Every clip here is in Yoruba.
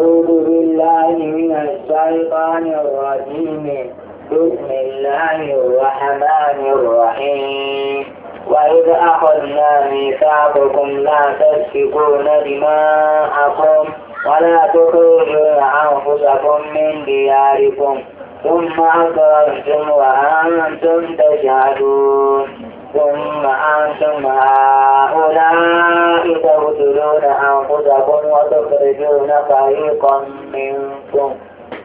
أعوذ بالله من الشيطان الرجيم بسم الله الرحمن الرحيم وإذ أخذنا ميثاقكم لا تسفكون دماءكم ولا تخرجون أنفسكم من دياركم ثم أقررتم وأنتم تشهدون ثم أنتم هؤلاء تقتلون أنفسكم وتخرجون فريقا منكم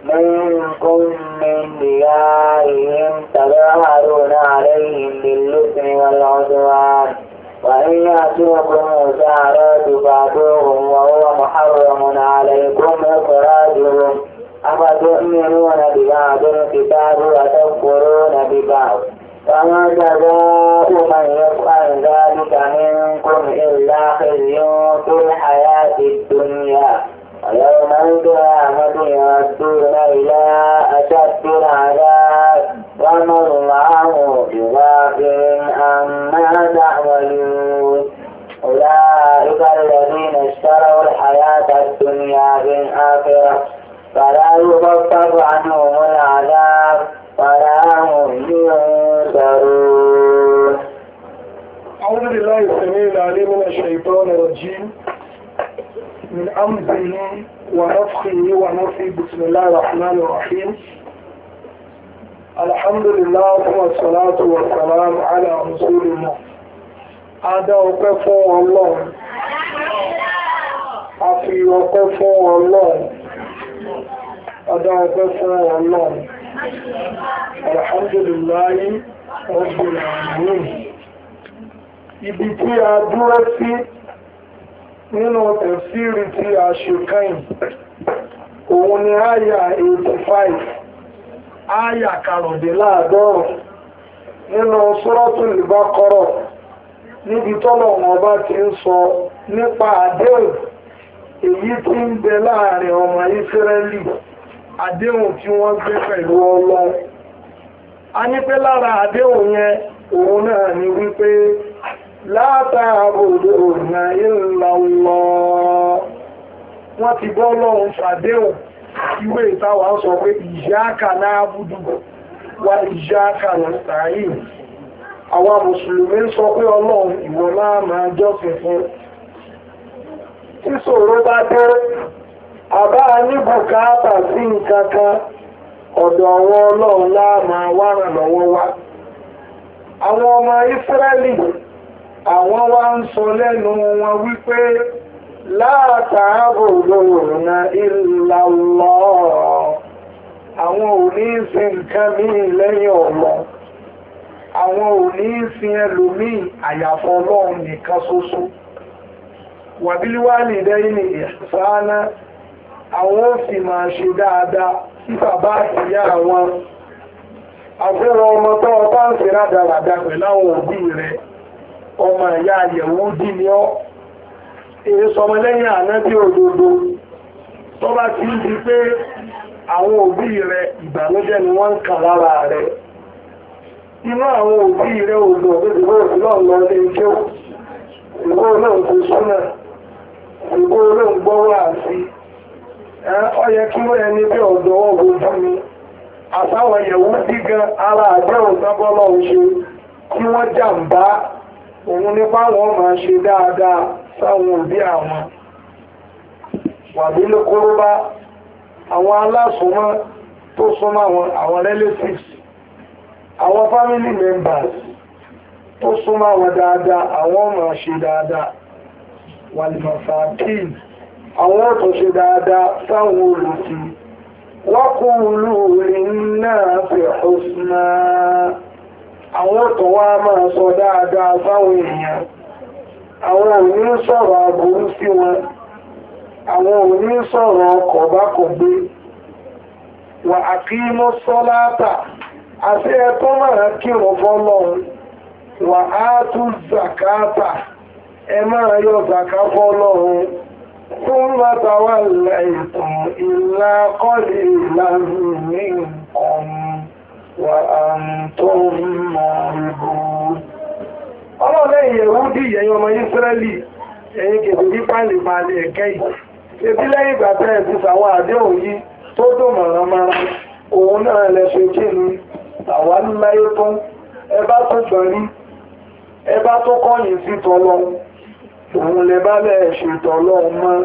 منكم من ديارهم تظاهرون عليهم بالإثم والعدوان وإن يأتوكم أسارى تفاتوهم وهو محرم عليكم إخراجهم أفتؤمنون ببعض الكتاب وتكفرون ببعض فما جزاء من يفعل ذلك منكم إلا خزي في الحياة الدنيا ويوم القيامة يردون إلى أشد العذاب وما الله بغافل عما تعملون أولئك الذين اشتروا الحياة الدنيا بالآخرة فلا يخفف عنهم العذاب ولا هم ينصرون أعوذ بالله السميع العليم من الشيطان الرجيم من أمره ونفخه ونفخه بسم الله الرحمن الرحيم الحمد لله والصلاة والسلام على رسول الله Adá ọpẹ́ fún Ọlọ́run. A fi ọpẹ́ fún Ọlọ́run. ọdọ́ ọgbẹ́ fún ọlọ́run alhamdulillahi rabbil ibi tí a dúró sí nínú tẹ̀síìrì tí a ṣe òun ni àyà 85 àyà karùndínláàdọ́rùn nínú suratul Baqara níbi tọ́lọ̀ wọn ti ń sọ nípa àdéhùn àdéhùn tí wọ́n gbé pẹ̀lú ọlọ́ a ní pé lára àdéhùn yẹn òun náà ni wípé látàbòdò ọ̀nà ìlàlọ́ wọ́n ti bọ́ lọ́hun ṣàdéhùn ìwé ìtawà sọ pé ìyáka náà búdú wá ìyáka mùsùlùmí sọ pé náà máa jọ́sìn bá dé àbá níbùkátà sí nǹkan kan ọ̀dọ̀ àwọn ọlọ́run láàmà wá ràn lọ́wọ́ wa àwọn ọmọ ìsírẹ́lì àwọn wa ń sọ lẹ́nu wọn wípé látàábò na ìlà lọ àwọn ò ní ṣe nǹkan míì lẹ́yìn ọ̀lọ́ àwọn ò ní ẹlòmíì àyàfọ́ ọlọ́run àwọn ó sì máa ṣe dáadáa sí bàbá àti ìyá wọn àfihàn ọmọ tó o bá ń ṣe rádaràda pẹ̀lú àwọn òbí rẹ ọmọ ìyá àyẹ̀wò dì ní ọ́ èyí sọmọ lẹ́yìn ànábì òdodo tó bá ti ń di pé àwọn òbí rẹ ìbànújẹ́ ni wọ́n ń kà lára rẹ inú àwọn òbí rẹ òdò ìdìbò ìlọ lọ lé ijó ìbò náà kò súnà ìbò náà gbọ́wọ́ àti ọyẹ kí wọ́n ẹni bí ọ̀dọ̀ ọgbọ̀n fún mi àtàwọn ẹ̀yẹ̀wò sí gan ara àdéhùn sábọ́lọ́ ṣe kí wọ́n jàǹbá òun nípa wọn máa ṣe dáadáa sáwọn òbí àwọn wàbílẹ̀ kóróbá àwọn aláṣùmọ́ tó súnmọ́ àwọn àwọn relatives àwọn family members tó súnmọ́ àwọn dáadáa àwọn ṣe dáadáa wàlìmọ̀fà àwọn ọ̀tọ̀ ṣe dáadáa sáwọn olú orí náà fi husna àwọn ọ̀tọ̀ wá máa sọ dáadáa sáwọn èèyàn àwọn òní sọ̀rọ̀ sí wọn àwọn òní sọ̀rọ̀ ọkọ̀ bá kò gbé wà sọ́láàtà àti ẹ̀tọ́ máa kírun fọ́lọ́run wà á tún ẹ máa ثم توليتم إلا قليلا منكم وأنتم معرضون ọlọ́lẹ́ ìyẹ̀wúdí ìyẹ̀yìn ọmọ Ísírẹ́lì ẹ̀yìn kèfè ní pàlìpàlì ẹ̀kẹ́ yìí ebí lẹ́yìn ìgbà tẹ́ẹ̀ ti sàwọn àdéhùn yìí tó dùn mọ̀rànmọ́ra òun náà lẹ́fẹ́ kí ni àwọn aláyé tún ẹbá tó gbọ̀n rí ẹbá tó kọ́yìn sí tọ́lọ́run òun lè bá lẹ̀ ṣètò ọlọ́run mọ́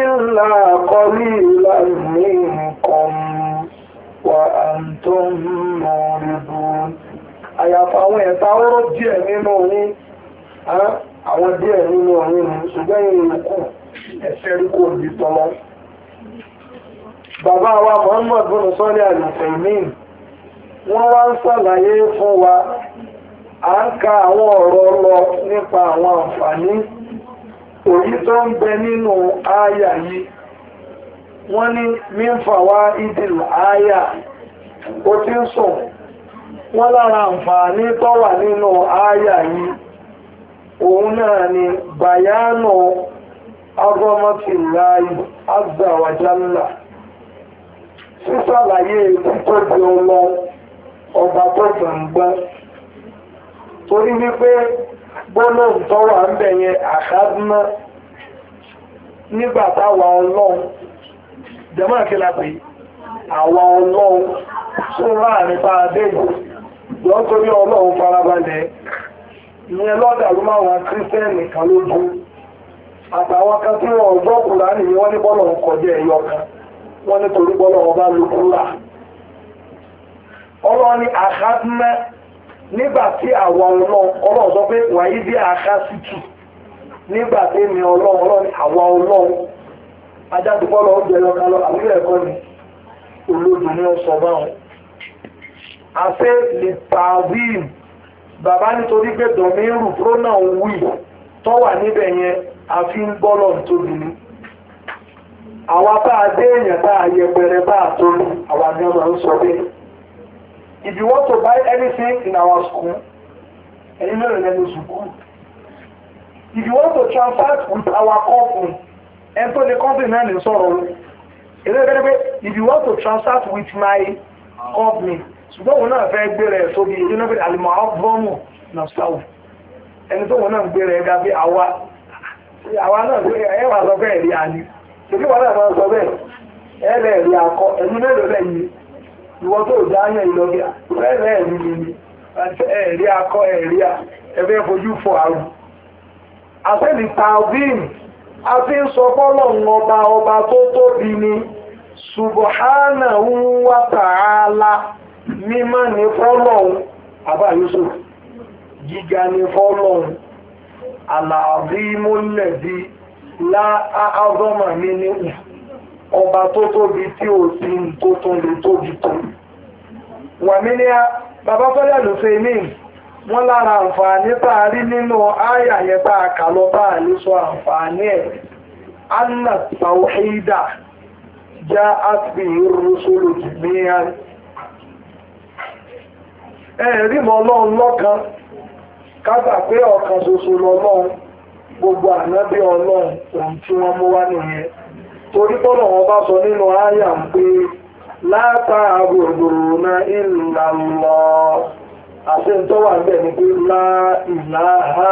ìlà àkọlí ìlà ìní nǹkan wà á ń tó ń mọ ìbò àyàfà àwọn ẹ̀ta ọ̀rọ̀ díẹ̀ nínú yín àwọn díẹ̀ nínú yín ni ṣùgbọ́n ìrìnkù ẹ̀ṣẹ́ rí kò ní tọ́lọ́ bàbá wa Muhammad bin sọ́lé àlùfẹ̀mín wọ́n wá ń ṣàlàyé fún wa à ń ka àwọn ọ̀rọ̀ lọ nípa àwọn àǹfààní òyí tó ń bẹ nínú àyà yìí wọ́n ní mímfàwá ìdìl àyà ó ti ń sùn wọ́n lára àǹfààní tó wà nínú àyà yìí òun náà ni bayanu agọ́mọ́tìláì azàwàjálà sísàlàyé títóbi ọlọ ọba tó gbàngbọ́n torí wípé gbọ́nà tọ́wà ń bẹ̀ yẹn àkádúná nígbà táwa ọlọ́run jẹ́mọ́ àkílà pé àwa ọlọ́run tó láàrin bá adéjò lọ́tọ́rí ọlọ́run farabalẹ̀ ìyẹn lọ́dàrú kan lójú àtàwọn kan tí wọ́n wọ́n ní bọ́lọ̀ kọjá ẹ̀yọ kan wọ́n bọ́lọ̀ ọba lókúrà nígbà tí àwa ọlọ́run sọ pé wàyí bí àká sí tù nígbà tí mi ọlọ́run ọlọ́run àwa ọlọ́run ajádùúgbò lọ́wọ́ bẹ̀rẹ̀ ọ̀kan lọ àbúrò ẹ̀kọ́ ni olódò ní ọ̀sán báwọn. àṣẹ lè pàvíìmù bàbá nítorí pé dọ̀míìrù tó wà níbẹ̀ yẹn àfi ń ni. àwa bá a dé èèyàn bá a yẹpẹrẹ bá a if you want to buy anything in our school ẹ̀yin ló rẹ̀ lẹ́nu sùkúù if you want to transact with our company ẹ̀ tó ní company náà ní sọ̀rọ̀ o èdè bẹ́ẹ̀ pé if you want to transact with my company ṣùgbọ́n òun náà fẹ́ gbé rẹ̀ sóbi èdè náà pé àlùmọ̀ àbọ̀mù náà sáwù ẹni tó òun náà gbé rẹ̀ gàbí àwa àwa náà ẹ wà sọ bẹ́ẹ̀ rí àní ṣèlú wà náà sọ bẹ́ẹ̀ ẹ lẹ́ẹ̀rí akọ ẹ̀yin mélòó lẹ́yìn. ìwọ tó ò dáyẹ̀ ìlọ́gẹ́ rẹ́rẹ́ ẹ̀rí mi ni ẹ̀rí akọ ẹ̀rí ẹ̀fẹ́ fojú fọ àrùn àtẹ́lì a fi ń sọ fọ́lọ̀ ọba ọba tó ni subahana wa ta'ala mímọ́ ni fọ́lọ̀ àbá Yusuf ọba tó tóbi tí ò sí tó tó lè tóbi tó wà mí ní bàbá fẹ́lẹ̀ ló fẹ́ mí wọ́n lára àǹfààní tá a rí nínú àyà yẹn tá a kà lọ tá a lè sọ àǹfààní ẹ̀ anna tawhida já àtìbí rusulu jìmíyàn ẹ̀rí mọ́ ọlọ́run lọ́kan kábà pé ọ̀kan ṣoṣo lọ́lọ́run gbogbo ànábì ọlọ́run ohun tí wọ́n mú wá nìyẹn torí tọ́nà ọba sọ nínú àyà ń pé na ìlà lọ ń bẹ̀ ni pé lá ìlàhá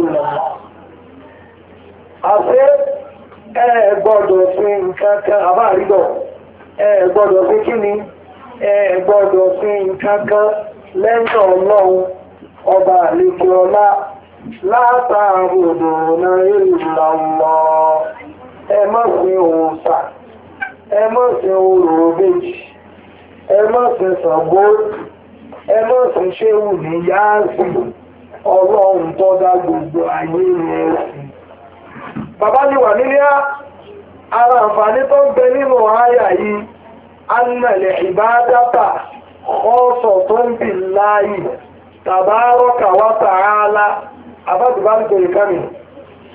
ìlà ẹ gbọ́dọ̀ sí nǹkan kan àbá àrídọ̀ ẹ gbọ́dọ̀ kí ni ẹ gbọ́dọ̀ nǹkan kan na ìlà lọ. ẹ má sin òòṣà ẹ má sin oròbejì ṣéwù ní yáàsì ọlọ́run tó dá gbogbo ayé bàbá ni wà ara àǹfààní tó ń bẹ nínú àyà yìí annalẹ̀ ìbádátà ọ̀sọ̀ tó ń bì láàyè wá tààlà abájúbá ń pè é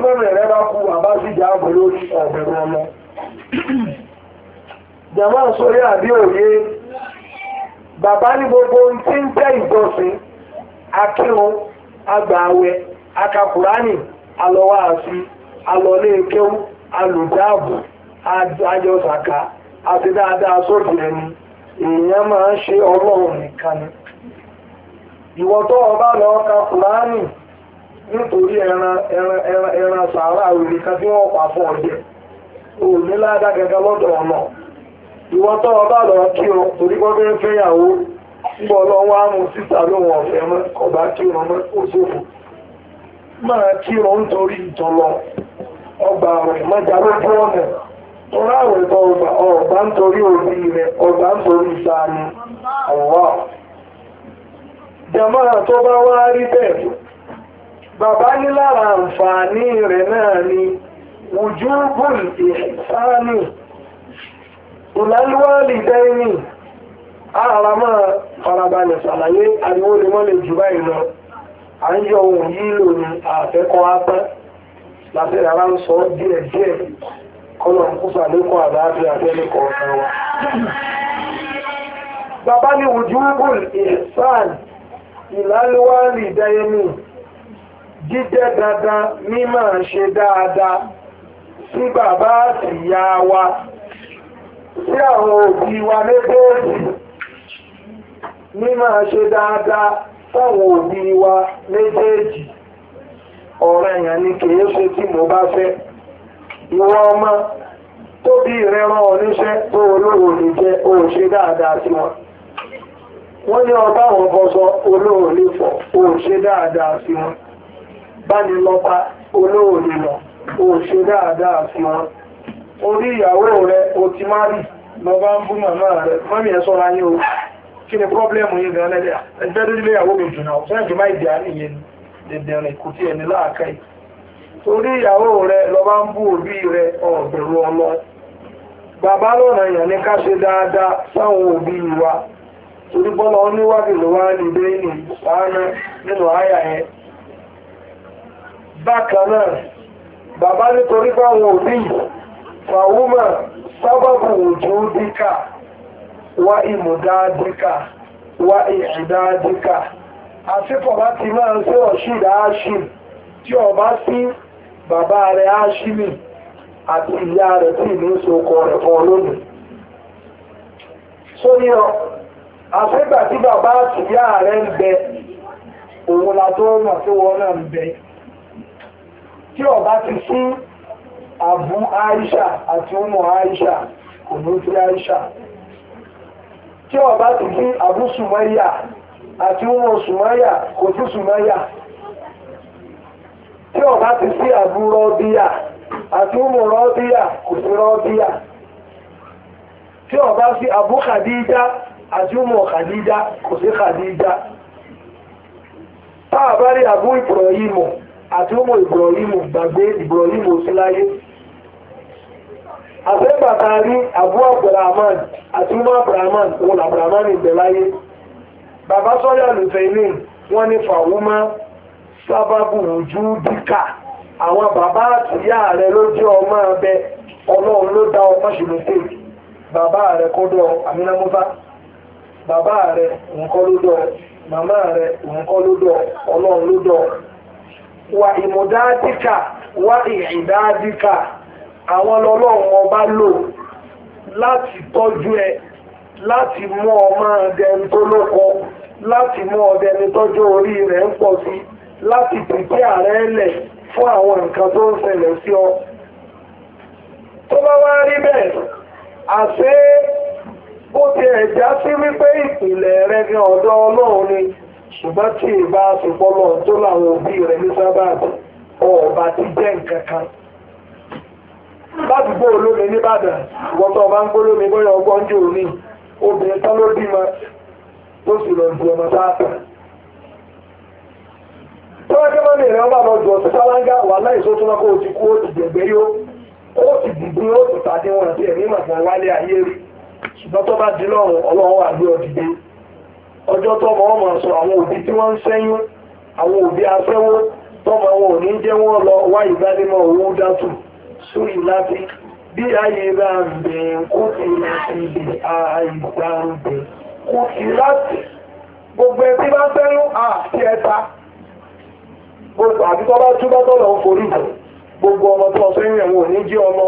mẹ́rin rẹ̀ bá kú àbá sí ìjà bàbá gbogbo tí ń tẹ́ ìjọsìn akírun agbààwẹ̀ akakùránì alọ́wọ́ àfi alọ́lé kéwú alùdáàbò ajọ́sàkà èèyàn máa ń ṣe ọlọ́run nìkan ni ọba lọ́ọ́ ka kùránì. nítorí ẹran ẹran ẹran ẹran sàárà òrì kan wọ́n pa fún ọdẹ òní ládá gẹ́gẹ́ lọ́dọ̀ ọ̀nà ìwọ ọba lọ kí o torí ahụ fẹ́yàwó ọba kí o mọ́ máa kí o ń torí ìtọ́lọ ọgbà rẹ̀ ọ̀nà ọgbà ọgbà ń torí rẹ̀ ọgbà ń torí ìsáni bàbá ní lára àǹfààní rẹ̀ náà ni wùjúbùn ìsánì ìlàlúwàlì dẹ́yìnì ara máa farabalẹ̀ sàlàyé ariwo lè mọ́ lè jù báyìí lọ à ń yọ ohun yìí lò ní àfẹ́kọ́ apá láti rárá ń sọ díẹ̀ díẹ̀ kọ́nà ń kúfà lẹ́kọ̀ọ́ àdáàbí àfẹ́lẹ́kọ̀ọ́ ọ̀sán bàbá ní wùjúbùn ìsánì ìlàlúwàlì dẹ́yìnì jíjẹ́ dandan mímọ̀ ṣe dáadáa sí bàbá àti ìyá wa sí àwọn òbí wa méjèèjì mímọ̀ ṣe dáadáa fáwọn òbí wa méjèèjì ọ̀rọ̀ èèyàn ni kìí ṣe tí mo bá fẹ́ ìwọ ọmọ tóbi bí rẹ oníṣẹ́ tó olówó lè jẹ́ ó dáadáa sí wọn wọ́n ní ọba àwọn bọ́sọ olówó lè fọ̀ dáadáa sí wọn. báni lọ́ba olóòrè lọ o ṣe dáadáa fún orí ìyàwó rẹ̀ o ti má rí lọ́ba ń bú màmá rẹ̀ mọ́mí ẹ̀ sọ́ra yín o kí ni pọ́blẹ́mù yín gan ẹgbẹ́ lórí ìyàwó mi jù náà sẹ́yìn jù ìdí òbí bàbá lọ́nà èèyàn ní ká ṣe dáadáa sáwọn òbí wa torí bọ́lá ló wá ní bákanáà bàbá nítorí báwọn òbí fàwúmà sábàbù òjò díkà wá ìmùdá díkà wá ìṣìdá díkà bá ti máa ń ṣe ọba sí bàbá rẹ̀ áṣìmì àti ìyá tí ìlú rẹ̀ fọ́ lónìí tí bàbá àti ìyá rẹ̀ ń bẹ òun la tó tí ọba ti fún àbú Aisha àti ọmọ Aisha kò ní fi Aisha tí ọba ti fún àbú Sùmọ́yà àti ọmọ Sùmọ́yà kò fún Sùmọ́yà tí ọba ti fún àbú Rọ́bíyà àti ọmọ Rọ́bíyà kò fún Rọ́bíyà tí ọba sí àbú Khadija àti ọmọ Khadija kò sí Khadija a bá rí àbú Ìbùrọ̀yìmọ̀ àti ọmọ ìbùrọ̀límù gbàgbé ìbùrọ̀límù síláyé àfẹ́bàtà rí àbú abdulrahman àti umar abdulrahman òun abdulrahman ìbẹ̀láyé bàbá sọ́lẹ̀ àlùfẹ́ẹ́lì wọ́n ní fàwọ́mọ́ sábàbù ojú díkà àwọn bàbá àtìyá rẹ̀ ló jẹ́ ọmọ abẹ ọlọ́run ló dá ọmọ ṣùgbọ́n bàbá rẹ̀ kọ́dọ̀ àmínàmúfà bàbá rẹ̀ nǹkan ló dọ̀ màmá rẹ̀ nǹkan ló dọ̀ ọlọ́run ló dọ̀ wà ìmúdádìkà wà ìrìndádìkà àwọn lọ́lọ́run ọba lò láti tọ́jú ẹ láti mú ọmọ ẹni tó lóko láti mú ọdẹ ẹni tọ́jú orí rẹ̀ ń pọ̀ sí láti pèpè ààrẹ lẹ̀ fún àwọn nǹkan tó ń ṣẹlẹ̀ sí ọ. tó bá wá rí bẹ́ẹ̀ àṣé bó ti ẹ̀ já sí wípé ìpìlẹ̀ rẹ ní ọ̀dọ̀ ọlọ́run ni. ṣùgbọ́n tí ìbá ṣùpọ́lọ̀ tó láwọn òbí rẹ̀ ní sábàtì ọba ti jẹ́ nǹkan kan ládùúgbò olómi nìbàdàn ìwọ́tọ̀ ọba ń gbólómi bóyá ọgbọ́n jò ní obìnrin tán ló bímọ tó sì lọ ju ọmọ sáàtà tó wá kí lọ ju ọ̀sẹ̀ wà kú ti dẹ̀gbẹ́ yó ti dìbò ọjọ́ tọ́mọ ọmọ sọ àwọn òbí tí wọ́n ń sẹ́yún àwọn òbí afẹ́wó tọ́mọ wọn ò ní jẹ́ wọ́n lọ wá ìdánimọ̀ owó dátù sórí láti bí ayé bá ń bè kó ti láti ibè àìgbà ń bè kó ti láti gbogbo ẹbí bá sẹ́yún àti ẹ̀ta gbogbo àti tọ́ bá túbọ̀ tọ́lọ̀ ń forí bò gbogbo ọmọ tó sẹ́yìn ẹ̀wọ̀n ò ní jẹ́ ọmọ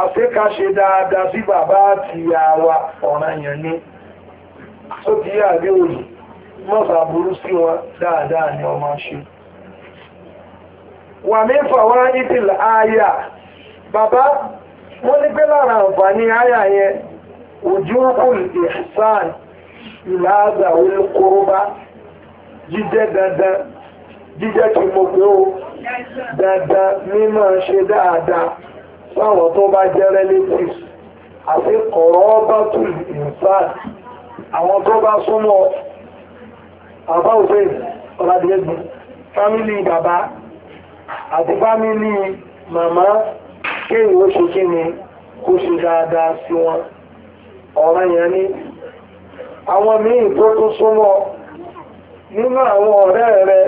àṣekáṣe dáadáa sí bàbá àti ìyá wa ọ̀ràn yẹn ni tó ti yá àbí òyì mọ́sà burú sí wọn dáadáa ni ọmọ ṣe wà mí fàwa ìtìlá àyà bàbá wọ́n ní pé lára àǹfààní àyà yẹn ojú kùlù ìsàn ìlà àgbàwé kóróbá jíjẹ́ dandan jíjẹ́ kí mo pé ó dandan mímọ̀ ṣe dáadáa sáwọn tó bá jẹ́ relatives àti kọ̀rọ̀ ọba ìsàn àwọn tó bá súnmọ́ àbá òfin ọ̀làdìẹ́gbìn fámílì bàbá àti fámílì màmá kéyìn ó ṣe kí ni kó ṣe dáadáa sí wọn ọ̀rọ̀ yẹn ni àwọn míì tó tún súnmọ́ nínú àwọn ọ̀rẹ́ rẹ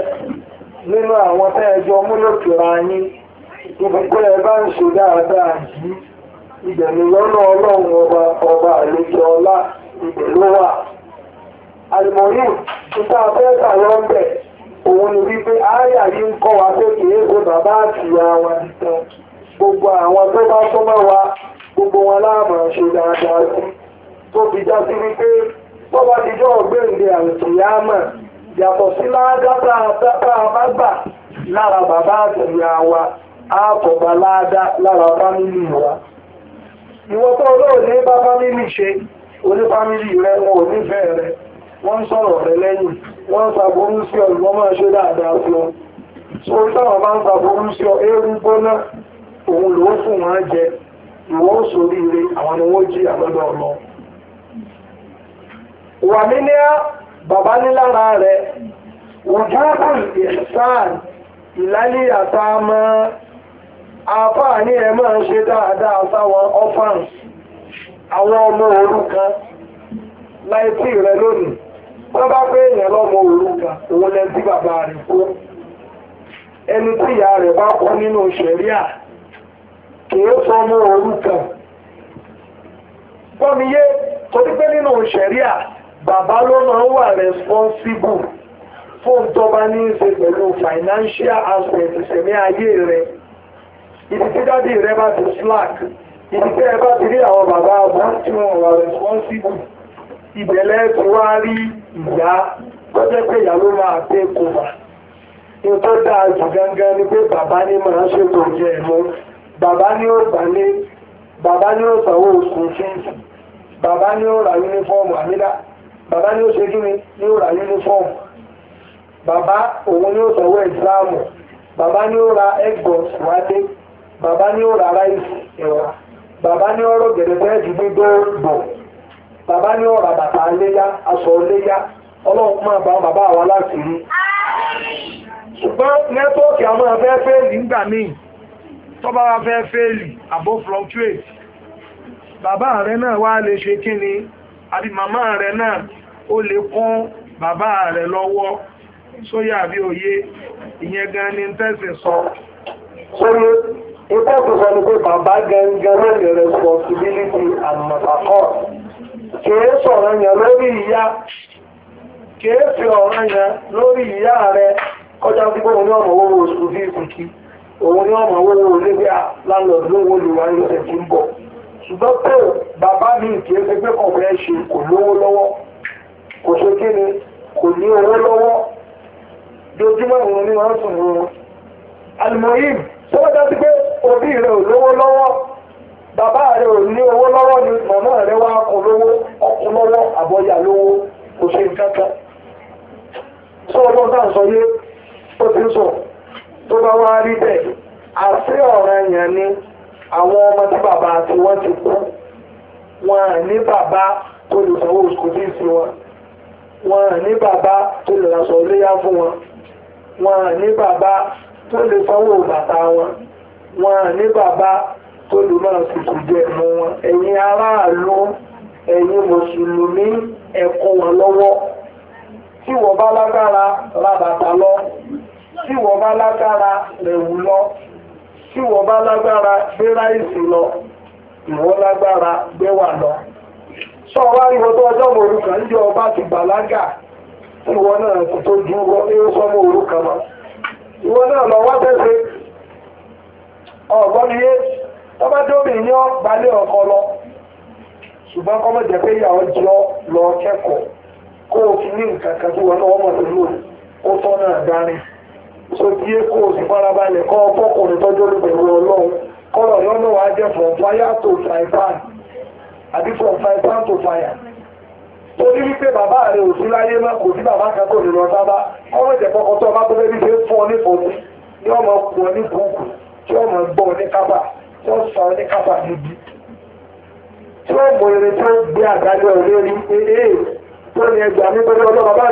nínú àwọn tẹ́ẹjọ múlòkìrà yín ibùgbé ẹ bá ń ṣe dáadáa yìí ìgbẹ̀mí lọ́nà ọlọ́run ọba ọba àlejò ọlá ibẹ̀ ló wà. àlùmọ́yìn títà abẹ́ẹ̀ta lọ ń bẹ̀ òun ni wípé ááyà yìí ń kọ́ wa pé kì í ṣe bàbá àtìyá wa nìkan gbogbo àwọn tó bá súnmọ́ wa gbogbo wọn láàmú ṣe dáadáa sí tó fi já sí wípé tó bá ti jọ́ ọ̀gbẹ́ǹde àtìyámọ̀ yàtọ̀ sí ládàtà àtàtà àbágbà lára bàbá àtìyá wa àkọ̀bà ládá lára fámìlì wa ìwọ́tọ̀ olóòní bá fámìlì ṣe onye fámílì rẹ wọn ò nífẹ̀ẹ́ rẹ wọ́n ń sọ̀rọ̀ rẹ̀ lẹ́yìn wọ́n ń sàbúrú sí ọ wọ́n máa ṣe dáadáa fún ọ so táwọn máa ń sàbúrú sí ọ jẹ ìwọ́n sórí ire àwọn ni wọ́n jí àlọ́dọ̀ lọ wà mí ní bàbá nílára rẹ àfáà ní máa ṣe dáadáa àwọn ọmọ òrukàn láìsí rẹ lónìí wọ́n bá pé èèyàn lọ́mọ òrukàn òun lẹ tí bàbá rẹ̀ kú ẹni tí ìyá rẹ̀ bá kú nínú ṣẹ̀ríà kìí sọ ọmọ òrukàn gbọ́miyé torí pé nínú ṣẹ̀ríà bàbá ló máa ń wà responsible fóun tó ní í ṣe pẹ̀lú financial aspect ìṣẹ̀mí ayé rẹ̀ ìdí tí dáàdi rẹ̀ bá ti slack ìgbẹ́ ẹ bá ti rí àwọn bàbá wọn tí wọ́n wà responsible ìbẹ̀lẹ̀ tó wá rí ìyá tó jẹ́ pé ìyá ló máa pé kò wà ní tó dáa jù gangan ni pé bàbá ní máa ṣètò jẹ ẹ̀mọ́ bàbá ní ó gbalé bàbá ní ó sanwó oṣù fíìsì bàbá ní ó ra yúnífọ́ọ̀mù àmìlá bàbá ní ó ṣe kí ni ní ó ra yúnífọ́ọ̀mù bàbá òun ní ó sanwó ẹ̀sìláàmù bàbá ní ó ra xbox wáde bàbá ní ó ra ráìsì ẹ̀wà bàbá ní ọ̀rọ̀ gẹ̀dẹ̀ bẹ́ẹ̀ ju gbígbó bọ̀ bàbá ní ọ̀rọ̀ àbàtà léyá aṣọ léyá ọlọ́run máa bá bàbá wa láti rí. ṣùgbọ́n nẹ́tíwọ́ọ̀kì àwọn afẹ́ fẹ́ẹ̀lì ń gbà míì tó wa fẹ́ fẹ́ẹ̀lì àbó fluctuate bàbá rẹ náà wá lè ṣe kí ni àbí màmá rẹ náà ó lè kún bàbá rẹ lọ́wọ́ sóyà bí òye ìyẹn gan ni tẹ́sí sọ sóyè. ikọ́ tó sọ ní pé bàbá gangan náà ní responsibility and matakọ́ kìí sọ̀rọ̀ yẹn lórí ìyá kìí fi ọ̀rọ̀ yẹn lórí ìyá rẹ kọjá sí pé òun ní ọmọ owó oṣù bí ìkùkí òun ní ọmọ owó olébí landlord ló wó lùwà ní ọ̀sẹ̀ tí ń bọ̀ ṣùgbọ́n pé bàbá mi kìí pé ṣe tó bá dá sí pé òbí rẹ ò lówó lọ́wọ́ bàbá rẹ ò ní owó lọ́wọ́ ni màmá rẹ wá kọ lówó ọkọ lọ́wọ́ àbọ̀yà lówó kò ṣe nǹkan kan sọ ọgbọ́n tá à ń sọ yé ó ti ń sọ tó bá wá rí bẹ́ẹ̀ àṣẹ ọ̀ràn yẹn ni àwọn ọmọ tí bàbá àti wọ́n ti kú wọn à ní bàbá tó lè sanwó oṣù tí ì sí wọn wọn à ní bàbá tó lè ra sọ léyà fún wọn wọn à ní bàbá tó lè sanwó bàtà wọn wọn ní bàbá tó lè máa tutù jẹ mọ wọn ẹ̀yin aráàlú ẹ̀yin mùsùlùmí ẹ kó wọn lọ́wọ́ tí wọ́n bá lágbára ra bàtà lọ tí wọ́n bá lágbára rẹ̀wù lọ tí wọ́n bá lágbára gbé ráìsì lọ ìwọ́n lágbára gbé wà lọ. sọ wá rí ọdún ọjọ́ mọ̀ orúkọ níjọ ọba ti bàlágà tí wọ́n náà tó dúró ní sọmọ orúkọ náà. ìwọ náà lọ wá tẹ́sẹ̀ ọ̀gbọ́n yé tọ́ba dómi ọkọ lọ ṣùgbọ́n kọ́ mọ̀ pé jọ lọ kẹ́kọ̀ọ́ kó o fi ní nǹkan kan tó wọn náà wọ́n mọ̀ so tí é kó o sì farabalẹ̀ kọ́ tọ́jú ọlọ́run wàá fire to torí wípé bàbá rẹ̀ ò láyé mọ́ kò sí bàbá kan tó bá ọmọ tó ọba ọ ní fòtí ní ọmọ kù ní tí ọmọ gbọ́ ní kábà tí ó sọ ní kábà níbi tí mọ ee tó ní mi pẹ̀lú ọba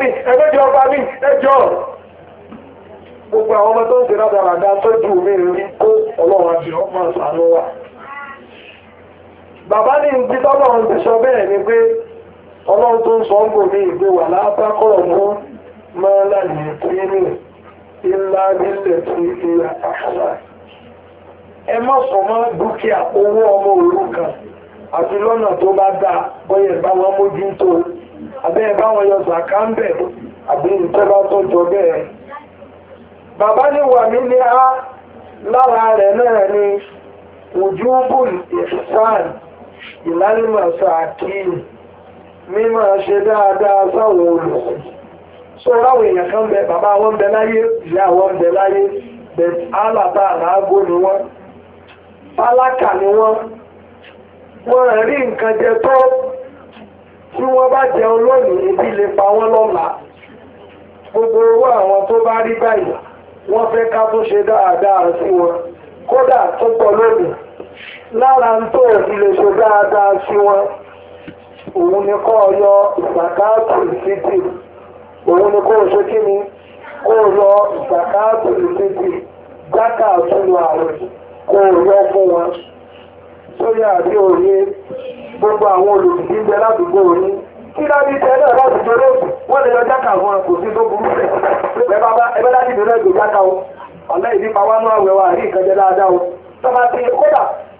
mi ẹgbẹ́ ọba mi ẹjọ́ gbogbo àwọn ọmọ tó ń ṣe bàbá ní ibi tọ́lọ̀ ń bẹ́ẹ̀ ni pé ọlọ́run tó ń sọ ń bò ní ìgbé wà lápá mú nílẹ̀ tó ẹ sọ mọ́ dúkìá owó ọmọ òrukàn àti lọ́nà tó bá bá wọn abẹ́ àbí tó jọ ní wà mí ní á ìlànìmọ̀sọ àkíyì mímọ̀ ṣe dáadáa sáwọn olùsìn so ráwọ̀ èèyàn kan bẹ bàbá wọn bẹ láyé ìyá wọn bẹ láyé bẹ̀t álàbà àlágó ni wọ́n pálákà ni wọ́n wọ́n rí nǹkan jẹ tó tí wọ́n bá jẹun lónìí ebi lè pa wọ́n lọ́la gbogbo owó àwọn tó bá rí báyìí wọ́n fẹ́ ká tó ṣe dáadáa sí wọn kódà tó pọ̀ lónìí lára ń tó òbí lè ṣe dáadáa sí wọn òun ni kó yọ ìsàkáàtù ìfìdí òun ni kó ṣe kí ni kó yọ ìsàkáàtù ìfìdí jákà àtúnú ààrẹ kó yọ fún wọn sórí àbí òye gbogbo àwọn olùdíje ń bẹ ládùúgbò òní kí láti tẹ náà láti jọrọ wọn lè lọ jákà wọn kò sí tó burú bẹ ẹbẹ láti bẹ̀rẹ̀ ètò jákà o ọlẹ ìdí pa wánú àwẹwà àrí ìkẹjẹ dáadáa o tọ́ba ti kódà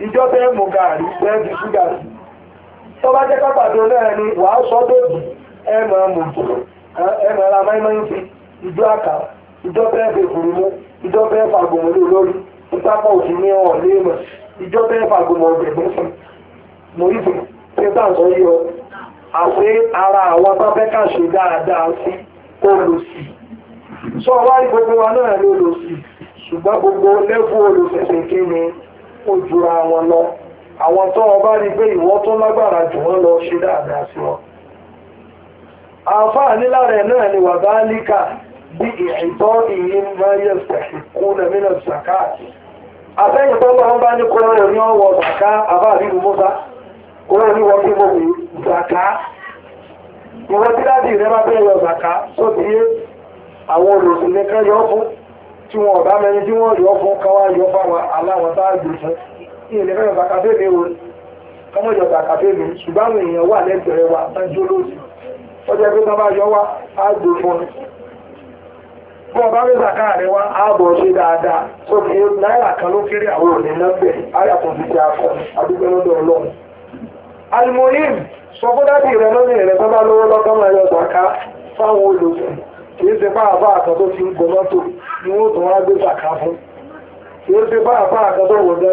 ìjọ tẹ́ mú gààrí lẹ́ẹ̀dì ṣúgà sí tó bá jẹ́ kápàdé náà ni wà á sọ dòdì ẹ̀mọ̀ mùtò ẹ̀mọ̀ ara máìmáì fi ìjọ àkà ìjọ tẹ́ fẹ́ fòrò mú ìjọ tẹ́ fàgbọ̀mọ̀ lé lórí ìtàkọ̀ òsì ní ọ̀ léèmọ̀ ìjọ tẹ́ fàgbọ̀mọ̀ ọ̀gbẹ̀ fún mo rí fún pé bá ń sọ yí ọ ara àwọn tó fẹ́ kà ṣe dáadáa sí olùsì sọ wá rí gbogbo wa náà ní olùsì ṣùgbọ́n gbogbo lẹ́fù olùfẹ̀sẹ̀ kéne ojúra wọn lọ àwọn tó wọn bá rí pé ìwọ́n tó lágbára jù wọ́n lọ ṣe dáadáa sí wọn. àǹfààní náà ni wàbáálíkà bí ìtọ́ ìyín marius kú nàmínà sàkáàtì àtẹ́yìn tó lọ́wọ́ bá ní kúrò ní ọwọ́ zaka mọ́sá ní wọ́n kí zaka ìwọ́n tí yọ tí wọn ọ̀bá mẹni tí wọ́n yọ fún káwá yọ fáwọn fún ìyẹn lẹ́fẹ̀ẹ́ bàkàtẹ́ mi o ọmọ ìjọ bàkàtẹ́ mi ṣùgbọ́n àwọn èèyàn wà lẹ́gbẹ̀rẹ̀ wa tánjú lóṣù ọjọ́ pé wá ágbò fún bí ọba rí rẹ wá ààbò ṣe dáadáa tó náírà kan ló kéré àwọn òní lọ́gbẹ̀ àdúgbò lọ́dọ̀ ọlọ́run alimoyim sọ fún dábì rẹ lónìí rẹ tó bá lówó lọ́gbọ́n fáwọn kìí ṣe báàbá àkan tó ti ń gbọ́ mọ́tò wọ́n wá gbé fún ṣe tó wọ̀ náà wọ́n wá rẹ̀ fún olè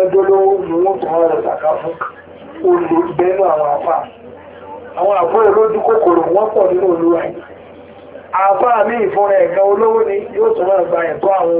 ìbẹ́nu àwọn àfà àwọn àfọ olójú kòkòrò wọ́n pọ̀ nínú olúwa yìí àfà mi ìfúnra ẹ̀kan olówó ni yóò tún máa gba ẹ̀tọ́ àwọn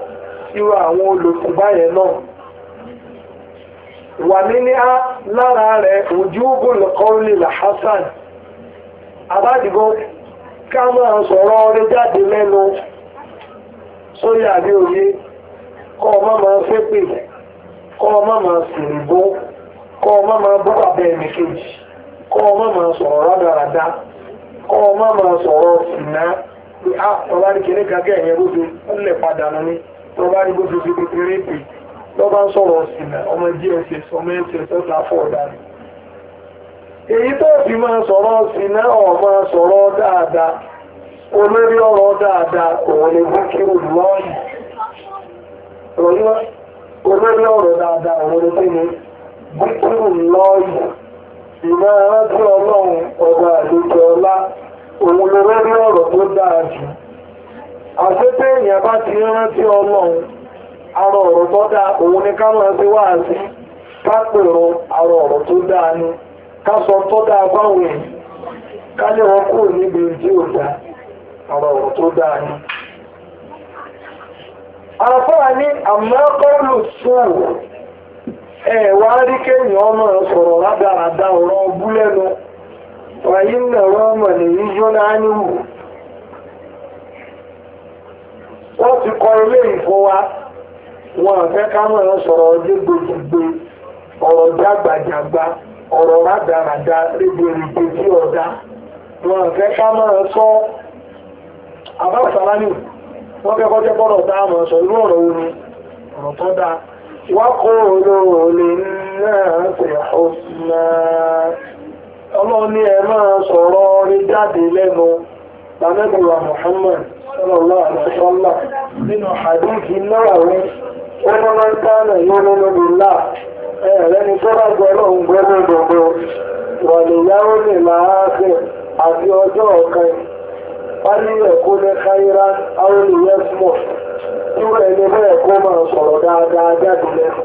irú àwọn olùkọ́ báyẹn náà wà níní á lára rẹ̀ ojú gòlù kọ́rìlì làhásán abádìgbò ká máa sọ̀rọ̀ ọrẹ jáde lẹ́nu sórí àbí òye kọ́ ọmọ máa ṣépè kọ́ ọmọ máa sìnbó kọ́ ọmọ máa bú bàbá ẹnì kejì kọ́ ọmọ máa sọ̀rọ̀ kọ́ ọmọ máa sọ̀rọ̀ sìnà pé ah, tó bá ní gbogbo gbogbo kéré pè tó bá ń sọ̀rọ̀ ọ̀sìnà ọmọ dss ọmọ ss ọ̀tà fọ̀ọ̀dà ni èyí tó fi máa sọ̀rọ̀ ọ̀sìnà ọmọ sọ̀rọ̀ dáadáa olórí ọ̀rọ̀ dáadáa òun lè mú kí olùwọ́ọ̀yì olórí ọ̀rọ̀ dáadáa òun lè pè ní bíkírù lọ́ọ̀yì ìmọ̀ ẹ̀rọ tí ọlọ́run ọba àlejò ọlá òun lè ọ̀rọ̀ tó dáa jù àṣẹ́tẹ́ èèyàn bá ti rántí ọlọ́run ara ọ̀rọ̀ tó dáa òun ni ká máa ṣe wá sí ká pèrò ara ọ̀rọ̀ tó dáa ni ká sọ tó dáa báwọn èèyàn ká lé wọn kúrò níbi tí ò ara ọ̀rọ̀ tó dáa ni. àfáà ní àmọ́ kọ́lù ẹ̀ wá rí kéèyàn ọmọ wọ́n ti kọ ilé ìfọ́ wa wọn àfẹ́ ká sọ̀rọ̀ ọdún gbogbo ọ̀rọ̀ jágbàjàgbà ọ̀rọ̀ rádaràda rédèrèdè tí ọ̀dá wọn àfẹ́ ká sọ abáṣàlá wọ́n fẹ́ kọ́jọ́ tá a mọ̀ sọ irú ọ̀rọ̀ omi ọ̀rọ̀ tó náà ọlọ́ọ̀ni ẹ̀ máa sọ̀rọ̀ rí jáde lẹ́nu Muhammad sallallahu na wasallam nínú àdíjì náwàwí ó ní máa ń kánà yóò ẹ̀rẹ́ ni tó bá gbogbo wà lè yáwó lè máa àti ọjọ́ ọ̀kan wálé ní káírá àwọn tí ẹni bẹ́ẹ̀ kó máa sọ̀rọ̀ dáadáa jáde lẹ́nu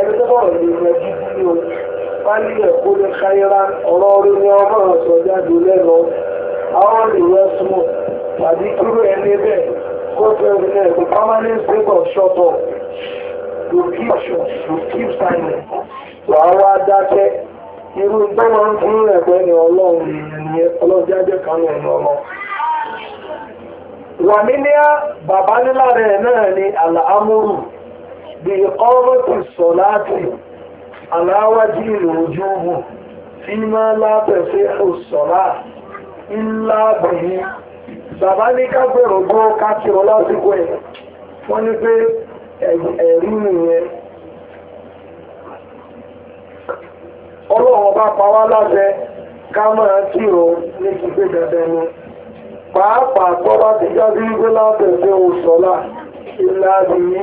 ẹni tó bọ̀rọ̀ lè yẹ títí o pálí ẹ̀kọ́ ní káyọ́rá ọ̀rọ̀ orí ni ọmọ ọ̀sọ̀ jáde lẹ́nu àwọn ìwé súnmọ́ tàbí kúrò ẹni bẹ́ẹ̀ kó bẹ̀rẹ̀ ní ẹ̀kọ́ permanent state of short up to keep náà ni àlàámúrù بإقامة الصلاة على وجه الوجوب فيما لا تصح الصلاة إلا به bàbá ní ká bẹ̀rọ̀ gbọ́ kákìrọ lásìkò ọlọ́run bá pa wá ká máa kírò ní ti gbé dandan ni pàápàá tó bá ti jáde wípé látẹ̀sẹ̀ òṣọ́lá ìlàdìyí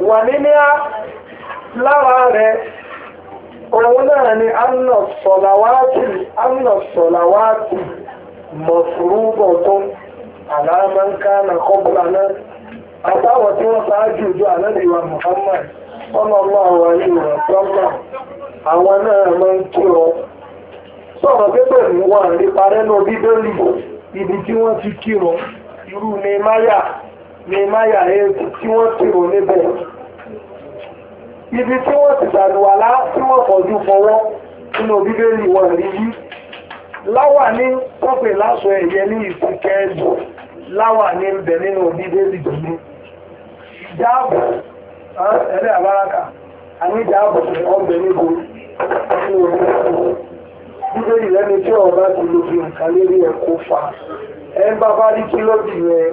wà níní á lára rẹ̀ òun náà ni anna sọ̀làwátì anna sọ̀làwátì na kọ́bùlà náà tí wọ́n sáájú ìjọ Muhammad ọlọ́lọ́ àwọn ayé rẹ̀ àwọn náà máa ń kí ọ sọ̀rọ̀ pépè ní wà nípa rẹ́nu bíbélì ibi tí wọ́n ti ní máyà èèkù tí wọ́n ti rò níbẹ̀ ibi tí wọ́n ti sàlùwàlá tí wọ́n fọ̀jú fọwọ́ nínú bíbélì wọn rí yí láwà ní pọ́pẹ̀ láṣọ ẹ̀yẹ ní ìsìnkẹ́ ẹ̀dùn láwà ní ibẹ̀ nínú bíbélì gbòmí jáàbù ẹ̀rẹ́ àbáraka àní jáàbù ọgbẹ̀ níbo nínú bíbélì lẹ́ni tí ọ̀rọ̀ bá ti lo fi nǹkan lérí ẹ̀kọ́ fa ẹ̀ ń bá bá rí kílódì yẹn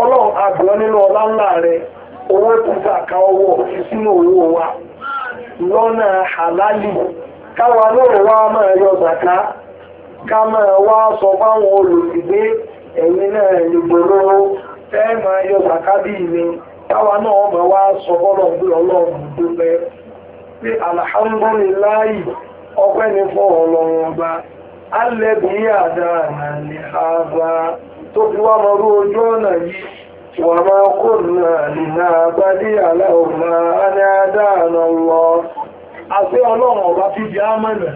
ọlọ́run àbúrọ́ nínú ọlá ńlá rẹ owó títà ká ọwọ́ ti sínú owó wa lọ́nà àlálì káwa lóòrò wá máa yọ zàká ká máa wá sọ fáwọn olùdígbé ẹ̀yin náà ìgbòrò ẹ máa yọ zàká bí mi náà wá sọ bọ́lọ̀ bí ọlọ́run dúpẹ́ pé ọpẹ́ ní fọ́ ọlọ́run ọba alẹ́bí tó fi wá mọ rú ojú ọ̀nà yìí wà máa kó nà nìna àgbádé aláhùnmá ní àdáàna lọ àti ọlọ́run ọba ti di ámọ̀nà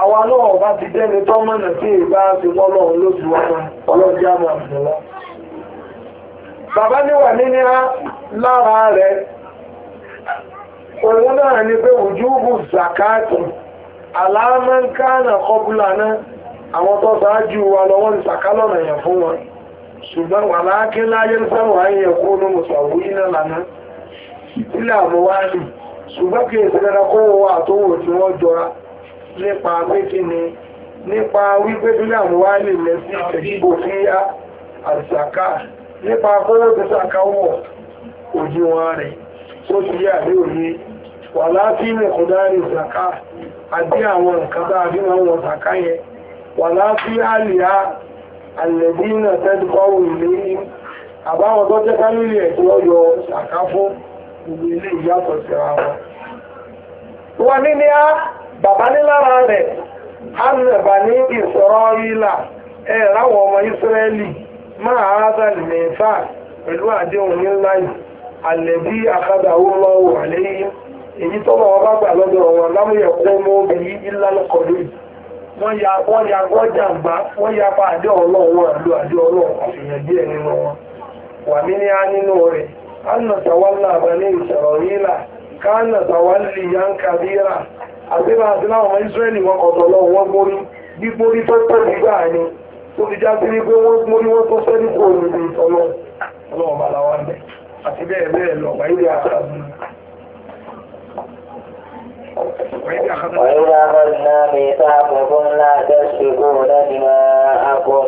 àwa náà ọba ti dẹ́ni tọ́mọ̀nà tí ìbá ti pọ́lọ́run ló ti wọ́n ọlọ́dí àmọ̀ bàbá níwà níní lára rẹ̀ òun náà ni pé òjúbù zakati aláàmọ́ńkánà kọbúlà náà àwọn tó ṣáájú wa lọ wọ́n ti sàkálọ̀nà èèyàn fún wọn ṣùgbọ́n wà láàkí láyé sáwọn ayé ẹ̀kọ́ ní mùsàwò iná lànà ilẹ̀ àmúwáàlì ṣùgbọ́n kí ìsinmi kó wà tó tí wọ́n jọra nípa pékíni nípa wípé bílẹ̀ àmúwáàlì lẹ́sí ìtẹ̀síbò fi yá àṣàká a àlẹ̀dínà tẹ́dùkọ́wù ilé àbáwọn tó jẹ́ fámílì ẹ̀ tí wọ́n yọ ṣàká fún gbogbo ilé ìyàtọ̀ sí ara wọn. wọ́n ní ní á bàbá nílára rẹ̀ á nàbà ní ìsọ̀rọ̀ ìlà ẹ̀ ráwọn ọmọ ìsírẹ́lì máa áádà nìmẹ̀fà pẹ̀lú àdéhùn ńlá yìí àlẹ̀bí àkádà ó lọ́wọ́ àléyìn èyí tọ́lọ́ wọn bá gbà lọ́dọ̀ wọn lámúyẹ̀kọ́ mọ́ obìnrin ńlá lọ́kọ̀ọ́ lóyìí wọ́n ya wọ́n ya wọ́n jàǹgbá wọ́n ya pa àdé ọlọ́run wọn àlú àdé ọlọ́run àfihàn díẹ̀ nínú wọn wà mí ní á nínú rẹ̀ ánà tàwálà àbáni ìṣẹ̀rọ̀ yílà káánà tàwálì yánkà bíra àti bá àti láwọn ọmọ ìsírẹ́lì wọn ọ̀dọ̀ lọ́wọ́ wọn mórí gbígbórí tó pẹ́ nígbà ni tó fi já sí wípé wọ́n mórí wọ́n tó fẹ́ nípò òrùlé ìtọ́lọ́ ọlọ́run bá làwọn bẹ̀ àti bẹ́ẹ̀ bẹ́ẹ̀ lọ wáyé àtàlù وإذا أخذنا ميثاقكم لا تسفكون دماءكم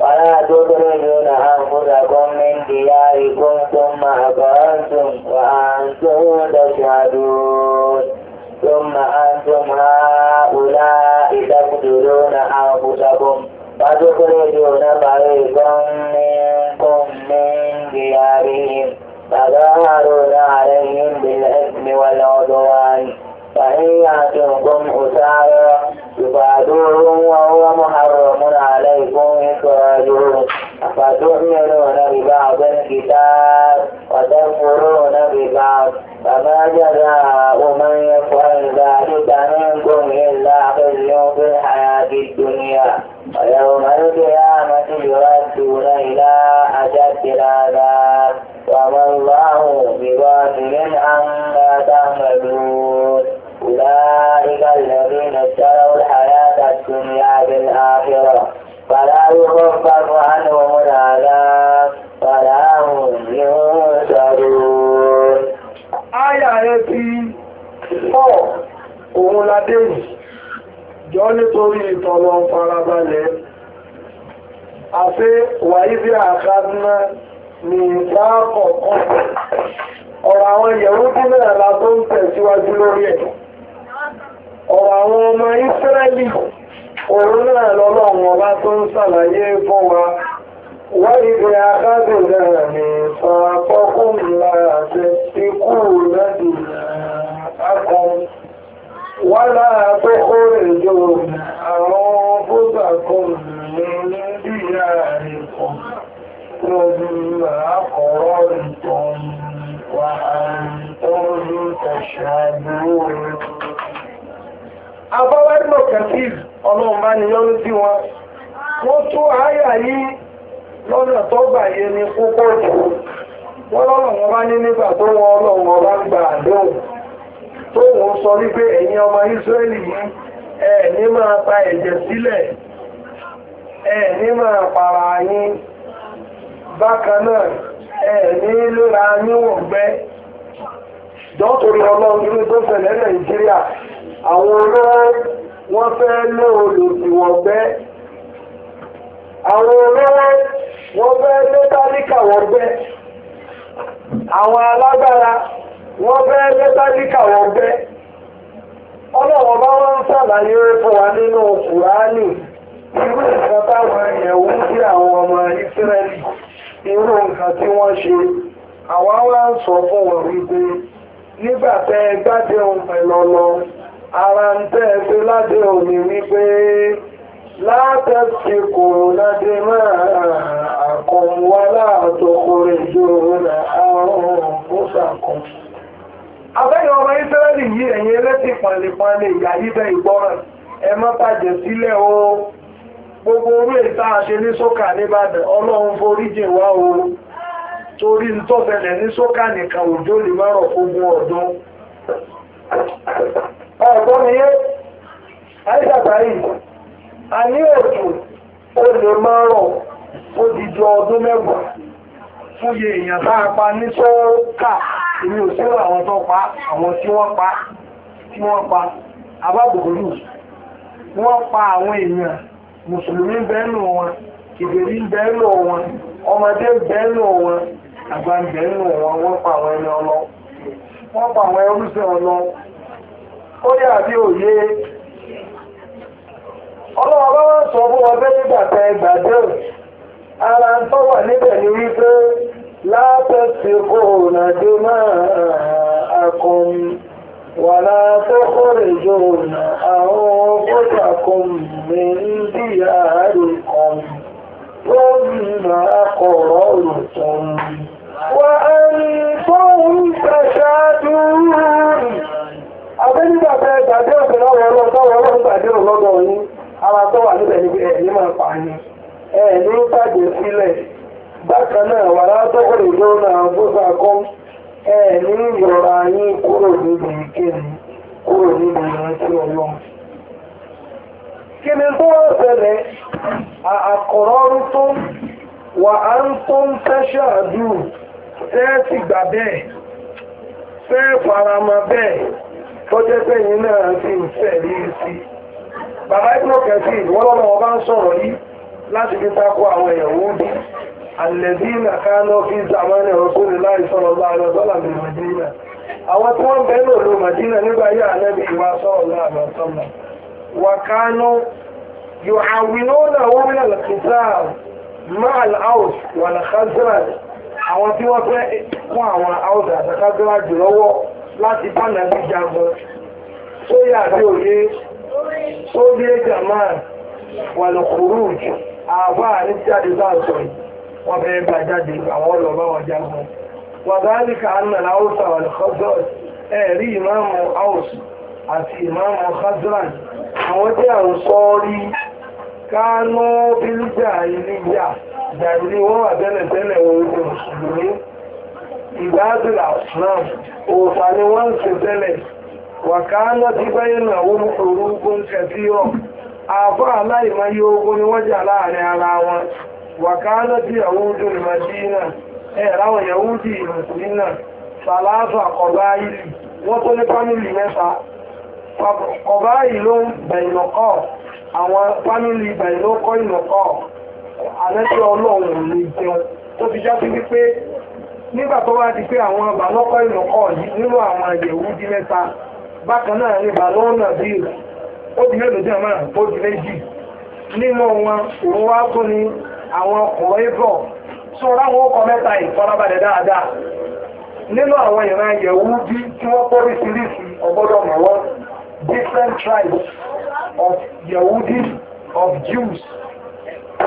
ولا تخرجون أنفسكم من دياركم ثم أقررتم وأنتم تشهدون ثم أنتم هؤلاء تقتلون أنفسكم وتخرجون فريقا منكم من ديارهم تظاهرون عليهم بالإثم والعدوان فإن يأتكم أسارى يبادوهم وهو محرم عليكم إخراجهم أفتؤمنون ببعض الكتاب وتكفرون ببعض فما جزاء من يفعل ذلك منكم إلا خزي في الحياة الدنيا ويوم القيامة يردون إلى أشد العذاب وما الله بغافل عما تعملون الذين اشتروا الحياة الدنيا بالآخرة فلا يخفف عنهم العذاب ولا هم ينصرون آية التي òun la dé yìí jọ nítorí ìtọ̀lọ̀ farabalẹ̀ àfẹ́ wàíbí àkádúná ní ìgbà àkọ́kọ́ ọ̀rọ̀ àwọn yẹ̀rú bí náà la tó ń tẹ̀síwájú lórí ẹ̀ ọ̀rọ̀ àwọn ọmọ Ísírẹ́lì òun náà lọ́lọ́run ọba tó ń ṣàlàyé fún wa wọ́n ibi akábì náà ní sọ akọ́kùn ńlá àti ikú lẹ́dì akọ́m wọ́n lára tó kó èjò àwọn búdà kan ní níbíyà rẹ̀ kan lọ́dún àkọ́rọ́ ìtàn wà á ń tọ́jú tẹ̀sán àbúrò rẹ̀. abáwẹ́dínà kẹfìr ọlọ́ọ̀bá ni yọ́n sí wọn wọ́n tó àáyà yìí lọ́nà tó gbà yé ni púpọ̀ jù wọ́n lọ́nà wọn bá ní nígbà tó wọn ọlọ́run ń gbà tó sọ wípé ẹ̀yin ọmọ Ísírẹ́lì yìí ẹ̀ ni máa pa ẹ̀jẹ̀ sílẹ̀ máa para yín bákan náà gbẹ́ ọlọ́run tó àwọn olówó wọ́n fẹ́ lé olùdìwọ̀n gbẹ́ àwọn olówó wọ́n fẹ́ lé tálíkà wọ́n gbẹ́ àwọn alágbára wọ́n fẹ́ lé tálíkà wọ́n gbẹ́ ọlọ́wọ́ bá wọ́n ń sàlàyé fún wa nínú kùránì irú nǹkan táwọn èèyàn ń sí àwọn ọmọ ìsírẹ́lì irú nǹkan tí wọ́n ṣe àwọn wá ń sọ fún wọn wípé nígbà tẹ́ ẹ gbádùn ẹ̀lọ́lọ́ ara ń tẹ́ ẹgbẹ́ láti òní wípé látẹ́sí kòrò láti máa àkọ̀mùwá láàtọ̀kọ̀rẹ̀ ìṣòro náà àrùn ọmọ Ísírẹ́lì yìí ẹ̀yin ẹlẹ́sìn pàlèpàlè ìyá yíbẹ̀ ìgbọ́ràn ẹ o gbogbo orú àṣẹ ní sókà ọlọ́run o torí ń ní sókà nìkan òjò ọ̀gbọ́n mi yé àìsàtàrí a ní òtù ó lè máa rọ̀ ó dìjọ ọdún èèyàn ní sọ́ọ́kà èmi ò sílò àwọn tó àwọn tí wọ́n pa tí wọ́n pa abábòrò wọ́n pa àwọn èèyàn mùsùlùmí bẹ́ẹ̀nù wọn kìbèrí bẹ́ẹ̀nù wọn ọmọdé bẹ́ẹ̀nù wọn àgbà wọn wọ́n pa àwọn ẹni ọlọ́ ó bi bí òye ọlọ́wọ́ sọ bụ ọgbẹ́ nígbà tẹ ara ń tọ́ wà níbẹ̀ ní wípé látẹ̀sí kò nàdé máa akọm wà látọ́ kórèjò nà àwọn kótàkùn mi ń bí àárẹ̀ kan tó ń táwọn ọlọ́run gbàdúrà lọ́dọ̀ yín ara tó wà níbẹ̀ níbi ẹ̀yìn máa pa ni ẹ̀ ní tàjẹ̀ sílẹ̀ bákan náà wà látọ̀ òdòdó náà gbọ́sà kọ́ ẹ̀ ní ìrọ̀rọ̀ yín kúrò kúrò níbi ìrántí ọlọ́run. bẹ́ẹ̀. tó jẹ́ pẹ́yìn náà ti ń fẹ́ rí sí bàbá ìpínlẹ̀ sí ìwọ́lọ́nà ọba ń sọ̀rọ̀ yìí láti fi takò àwọn ìyàwó bí alẹ́dínà kánú fi zamani ọ̀sọ́lẹ̀ láì sọ̀rọ̀ láàrọ̀ sọ́là bí Madina àwọn tí wọ́n bẹ́ẹ̀ lò ló nígbà yà nẹ́bí ìwà sọ̀rọ̀ láàrọ̀ sọ́là wà kánú yóò àwìnónà wọ́n wọ́n fẹ́ fún àwọn áwùs àti láti bánà sí jagun tó yà bí òye tó lé jàmá wà lókùrú jù àbá ní jáde bá sọ wọn fẹ́ bá jáde àwọn ọlọ́bá wọn jagun wà bá ní ká nà láwùsà wà lókọ́sọ́ ẹ̀rí ìmáàmù áwùs àti ìmáàmù khazran àwọn tí à ń sọ rí kánú bílíjà ìlíjà jàdí wọn wà tẹ́lẹ̀ tẹ́lẹ̀ wọn ogun mùsùlùmí ìgbádùn àṣíràn òòfà ni wọ́n ń tẹ́lẹ̀ wàkánà ti báyé náà wọ́n orúkún kẹfí ọ̀ àfọ́ aláìmá yí ogun ni wọ́n jà láàrin ara wọn wàkánà ti yàwúdù Madina ẹ̀ráwọ̀ yàwúdì wọ́n tó ní mẹ́ta nígbà tó wá pé àwọn bàlọ́kọ́ ìlọ́kọ́ yìí nínú àwọn di mẹ́ta bákan náà bàlọ́nà bí ó di mélòó díẹ̀ tó di méjì nínú wọn òun wá ní àwọn ọkùnrin ibọ̀ mẹ́ta dáadáa nínú àwọn ìran bí tí wọ́n of of Jews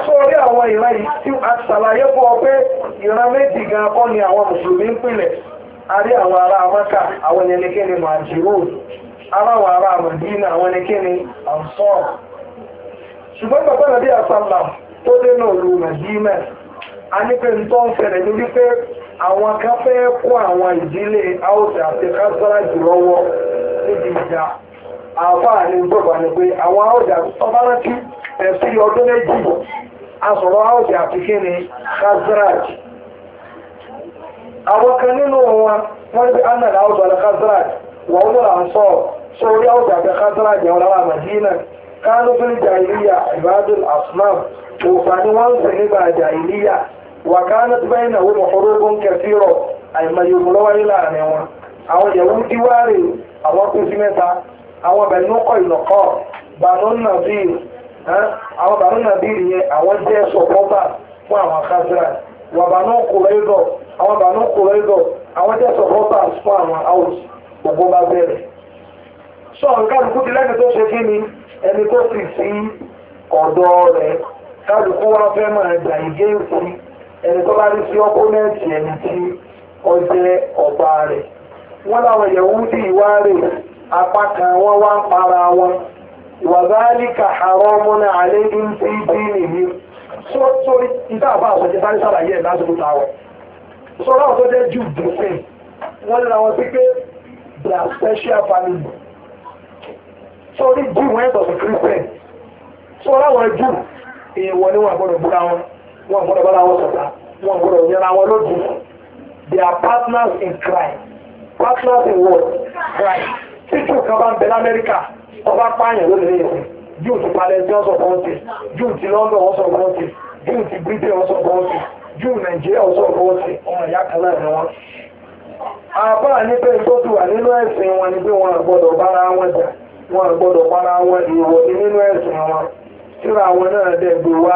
sórí àwọn ìran yìí tí a fún ọ pé ìran méjì gan kọ́ ni àwọn mùsùlùmí ń pìlẹ̀ a àwọn ará amáka àwọn màjírò aláwọ̀ ará àwọn àǹsọ́ ṣùgbọ́n bàbá nàbí tó dé náà lu màdínà a ní pé ń ń fẹ̀rẹ̀ ní wípé àwọn kan kó àwọn ìdílé áwòsàn àti kására jù lọ́wọ́ níbi ìjà àfáà ní gbọ̀gbà ni pé àwọn asọ̀rọ̀ áwọ̀dì àti kíni khazraj àwọn kan nínú wọn wọ́n ní anna ní áwọ̀dì àti khazraj wọ́n mú ra sọ sórí áwọ̀dì àti khazraj àwọn ará madina kánú fún jahiliya ibadul asnam òfà ni wọ́n ń sìn nígbà jahiliya wà kánú tí báyìí náà wọ́n horogun kẹfìrọ̀ àìmọye olówó yìí láàrin wọn àwọn yahudi wáre àwọn kùsí mẹ́ta àwọn bẹ̀nú kọ̀ ìnàkọ́ bànú nàbíyì àwọn bàbá nàbírí yẹn àwọn jẹ́ sọ̀pọ́tà fún àwọn kásírà wà bàbá kòrò ẹ̀dọ̀ àwọn bàbá kòrò ẹ̀dọ̀ àwọn jẹ́ fún àwọn gbogbo bá bẹ̀rẹ̀ sọ kálukú ti lẹ́ni tó ṣe kí ni ẹni tó sì sí ọ̀dọ̀ rẹ̀ kálukú wá fẹ́ máa gbà ìgé ìfún ẹni tó bá rí sí ẹni tí jẹ́ rẹ̀ wọ́n láwọn yẹ̀wú wàbáríkà àwọn ọmọ náà alẹ́ ní ti dín nìyí sórí ìta àbá àwọn ìta ní ẹ̀ lásìkò táwọn sọ́rọ́ àwọn tó jẹ́ jù dùnkìn wọ́n lè àwọn pípé their special family sórí jù wọ́n ẹ̀tọ̀ sí christian sọ́rọ́ àwọn jù èèwọ̀ ni wọ́n gbọ́dọ̀ búra wọn wọ́n gbọ́dọ̀ bá láwọn sọ̀tà wọ́n gbọ́dọ̀ yẹra wọn lójú they partners in crime partners in what crime títù kan bá ń bẹ lamẹ́ríkà. ọba pààyàn lónìí yẹn júù ti palẹ́ntì ọ̀sọ̀ kọ́ńtì júù ti London ti Britain ọ̀sọ̀ kọ́ńtì júù Nàìjíríà ọ̀sọ̀ ọmọ ìyá kan náà ni wọ́n. àbá tó ti wà nínú ẹ̀sìn wọn ni pé wọn àgbọ́dọ̀ bára wọn jà wọn wọn ni nínú ẹ̀sìn wọn síra àwọn náà dẹ̀ gbé wá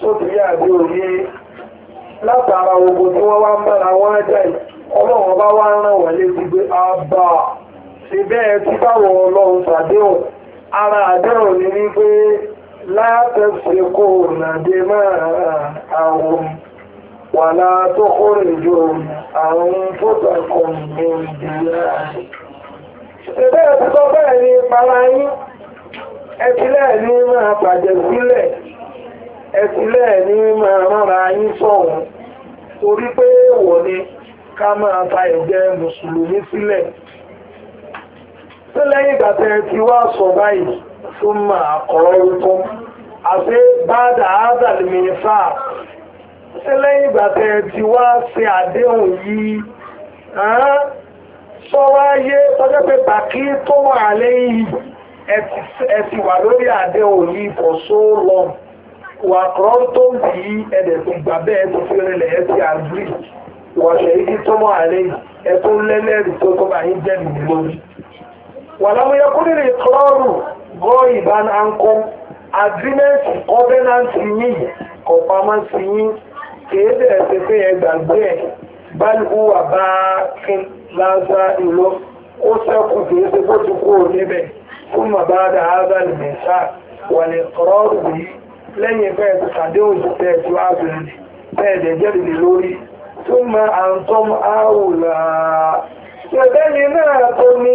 sóti yá látara ogun tí wọ́n wá ń bára wọn ṣe tí báwọn ọlọ́run ṣàdéhùn ara àdéhùn ni wípé látẹ̀sẹ̀ nàdé máa àwọn wàlá tó kórè àwọn tó tẹ̀kọ̀ ní ìdílé bẹ́ẹ̀ ni máa sílẹ̀ sọ̀rọ̀ ta mùsùlùmí sílẹ̀. tí lẹ́yìn ìgbà tẹ́ ti wá sọ báyìí fún máa kọ̀rọ̀ orúkọ àti báàdà ádàlìmí sáà tí lẹ́yìn ìgbà tẹ́ ti wá ṣe àdéhùn yìí sọ́wọ́ ayé tọ́jọ́ pé bàkí tó wà lẹ́yìn ẹ ti wà lórí àdéhùn yìí for so long wà kọ̀rọ̀ tó ń bì í ẹ̀dẹ̀ tó gbà bẹ́ẹ̀ tó fi rìnlẹ̀ ẹ ti àgbì wọ̀ṣẹ̀ yìí tó wà lẹ́yìn ẹ tó lẹ́lẹ́rìí tó tó bá yín jẹ́ nìyí lórí wàlámú yẹ kúrò lè tọ́rù gọ́ ìbánu àǹkọ́ agreement covenant mi kò pamọ́ sí yín kìí bẹ̀rẹ̀ sí pé ẹ gbàgbé ẹ̀ báyìí wà bá kí lásà ìlú ó sẹ́kù kìí ṣe bó ti kú níbẹ̀ fún bàbá dà áza lùmẹ̀sà wà lè tọ́rù yìí lẹ́yìn bẹ́ẹ̀ ti sàdéhùn sí tẹ̀ tó ábìrin bẹ́ẹ̀ dẹ̀ jẹ́rìí lórí túmọ̀ àǹtọ́m áwùlà ṣẹ̀dẹ́ni náà tó ní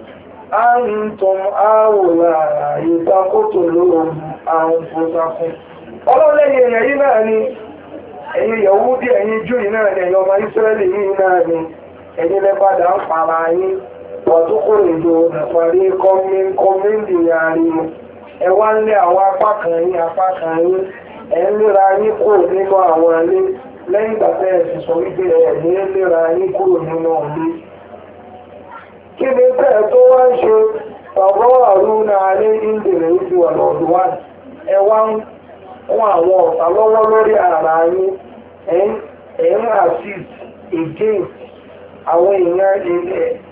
أنتم أولى تقتلون أنفسكم ọlọ́run lẹ́yìn èèyàn yìí náà ni ẹ̀yin Yahudi ẹ̀yin Júù náà ni ẹ̀yin ọmọ Ísírẹ́lì yìí náà ni ẹ̀yin lẹ́gbàdà ń para yín yìí kí ni tó wá ń ṣe bàbá àrùn ààrẹ ìbẹ̀rẹ̀ ìlú ọ̀nà ọ̀dùnwá ẹ wá ń kún àwọn ọ̀tá lọ́wọ́ lórí ara yín ẹ̀ ń assist against àwọn èèyàn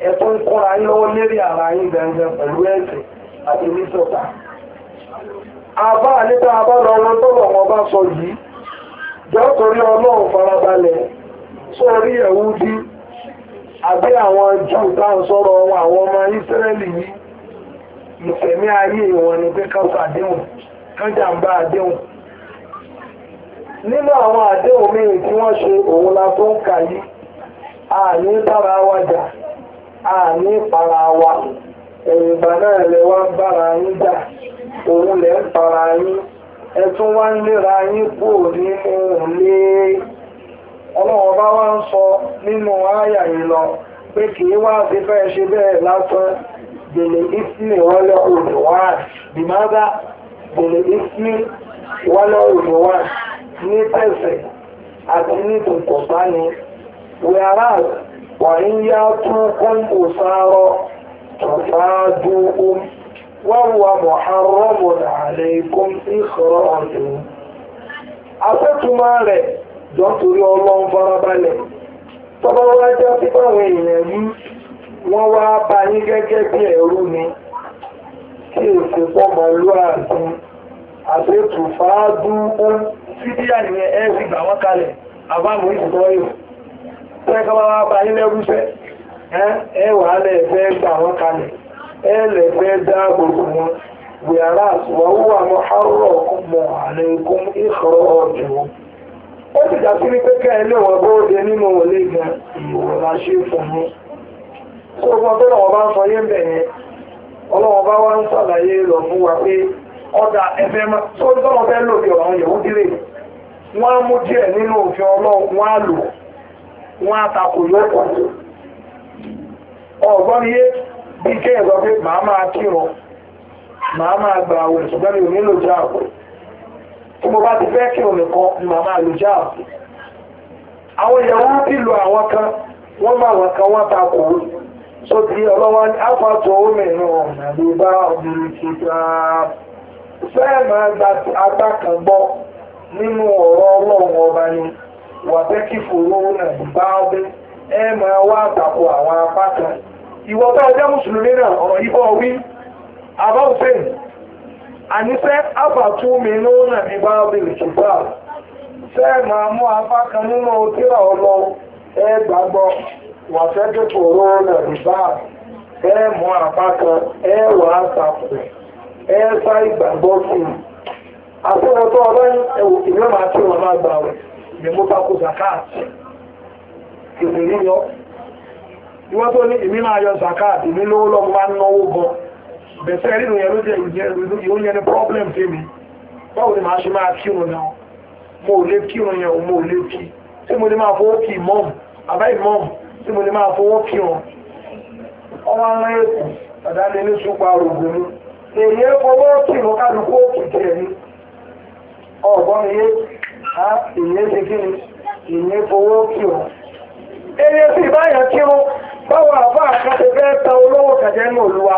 ẹ̀ tó ń kúnra yín lọ́wọ́ ara yín gangan pẹ̀lú ẹ̀sìn àbí àwọn jù táwọn sọ̀rọ̀ wọn àwọn ọmọ Ísírẹ́lì yìí ìfẹ̀mí ayé wọn ni pé káwọn àdéhùn kájàmbá àdéhùn nínú àwọn àdéhùn mìíràn tí wọ́n ṣe òun la tó ń kà àní bára wa jà àní para wa ẹ̀yìnbá náà lè wá bára yín jà òun lè ń para yín wá ń yín ọlọ́wọ́n bá wá ń sọ nínú àyà lọ pé kì í wá sí fẹ́ ṣe bẹ́ẹ̀ lásán gbèlè ismi wọlé olùwàd gbèlè ní tẹ̀sẹ̀ àti ní tòkòtà ni wíárà wà ń yá tún kún òsàárọ̀ tòfáàdù um wọ́n wà ikú ìṣòro ọ̀dùn. jọ torí ọlọ́run farabalẹ̀ tọ́ba wá já sí báwọn èèyàn yìí wọ́n wá bá yín gẹ́gẹ́ bí ẹ̀rú ni kí èsì pọ́mọ ló àti àṣetù fàádú ó sídíà nìyẹn ẹ sì gbà wọ́n kalẹ̀ àbámu ìsìnkọ́ yìí wá bá yín lẹ́rúfẹ́ ẹ gbà wọ́n kalẹ̀ ẹ wọn o sì dá sí wípé kẹ́rin lé wọn bóde nínú òlé gan ìwò la ṣe fún mi tó gbọ́n tó lọ́wọ́ bá ń sọ yé bẹ̀rẹ̀ ọlọ́wọ́ bá wá ń sàlàyé lọ fún wa pé ọ̀dà ẹ̀fẹ́ máa tó tọ́lọ́ fẹ́ lò bí ọ̀run yòówù dílé wọ́n á mú díẹ̀ nínú òfin ọlọ́run wọ́n á lò wọ́n á takò yókù ọ̀gbọ́n yé bí kéèyàn sọ pé màá máa kírun màá máa gbà tí mo bá ti fẹ́ kírun nìkan ni màmá àlùjá àwọn ìyàwó bí lo àwọn kan wọ́n máa wọ̀n kan wọ́n ta kò so ti ọlọ́wọ́ afọ́tò omirin ọ̀nà ló bá obìnrin ti ta fẹ́ẹ̀ máa gba apá kan gbọ́ nínú ọ̀rọ̀ ọlọ́run ọba ni wà pé kí fòró náà bá ọdún ẹ máa wá àtàkù àwọn apá kan ìwọ bá ọjọ́ mùsùlùmí náà ọ̀rọ̀ yìí bọ́ wí abáwùsẹ́yìn àní fẹ́ àbàtúmi lónà ìgbà ọ̀bẹ̀rẹ̀ fẹ́ máa mú apá kan nínú ọlọ ẹ wà fẹ́kẹ́ kòró lẹ̀ rìbá ẹ mú apá kan ẹ wà á sàkù ẹ sá ìgbàgbọ́ sí i àtúwọ̀tọ́ ọba ẹwò ìwé máa tí zakat ìwé yíyọ ìwọ́n tó ní yọ zakat ìmí lówó lọ́mọ máa ń bẹ̀sẹ̀ nínú yẹn ló jẹ́ ìyó yẹn ní problem tèmi báwo ni màá ṣe máa kírun náà mo ò lè kírun yẹn o mo ò lè kí tí mo lè máa fowó kí mọ́m àbá ìmọ́m tí mo lè máa fowó kí wọn ọmọ ará èkó àdáni ní ṣùgbà rògbò ní èyí fowó kí mo kálukú òkè tiẹ̀ ní ọ̀gbọ́n mi yé á èyí ṣe kí ni èyí fowó kí wọn. èyí sì báyẹn kírun báwo àbá àkàtẹ́ fẹ́ ta olówó kẹ̀kẹ́ ní olúwa.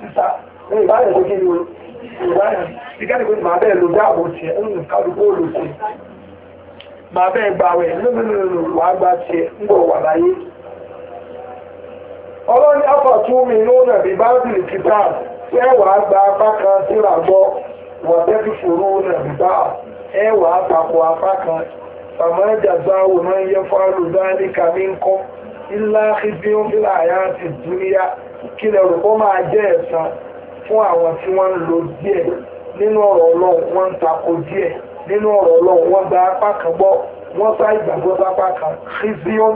sísá ìbáyẹ̀ tó kí ni ìbáyẹ̀ tí kẹ́ni kò ní máa bẹ́ẹ̀ lò dáàbò tiẹ̀ ń kálukú òòlù tiẹ̀ máa bẹ́ẹ̀ gbà wẹ̀ lónìí wà á gba tiẹ̀ ń bọ̀ wà láyé. ọlọ́ni afọ̀túnmi lónà bí bábìlì ti bá ẹ wà á gba apá kan síra gbọ́ wọ́n tẹ́tù fòrò náà bí bá ẹ wà á papọ̀ apá kan fàmọ́ ẹ̀jà záwò náà yẹ fáwọn olùdarí kàmí ńkọ́ ńlá kí bí ó ń bí láyà ti dúníyà kílẹ̀ olùkọ́ máa jẹ́ ẹ̀san fún àwọn tí wọ́n ń lo díẹ̀ nínú ọ̀rọ̀ ọlọ́run wọ́n ń tako díẹ̀ nínú ọ̀rọ̀ ọlọ́run wọ́n gba apá kan gbọ́ wọ́n sá ìgbàgbọ́ sápá kan christian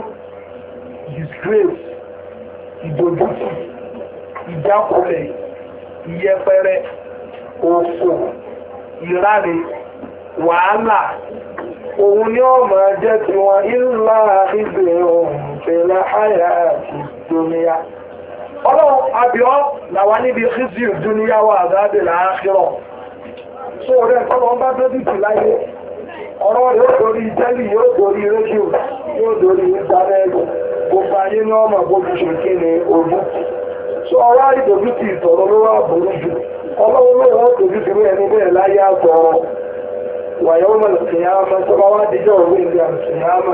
disgrace ìdójútì ìjákulẹ̀ ìyẹpẹrẹ òfò ìráre wàhálà òun ni ó máa jẹ́ tiwọn ìlà ìgbèrò òun pẹ̀lú àyà àti ìdóníyà ọlọ́run àbíọ́ làwà níbi kíṣì ìdúnúyàwó àzáàbè láàkírọ̀ so rẹ̀ tọ́lọ ń bá dójútì láyé ọ̀rọ̀ rẹ̀ ó dorí tẹ́lì yóò dorí rédíò yóò dorí ìdánẹ́lù gbogbo ayé ní ọmọ gbogbo ṣèké ní ojú so ọwọ́ àrídòjútì ìtọ̀rọ̀ ló wà burú jù ọlọ́run ló wọ́n dojútì rú ẹni bẹ́ẹ̀ láyé àtọ̀rọ̀ wàyẹ̀wò mọ̀lẹ̀kìyàmọ̀ tó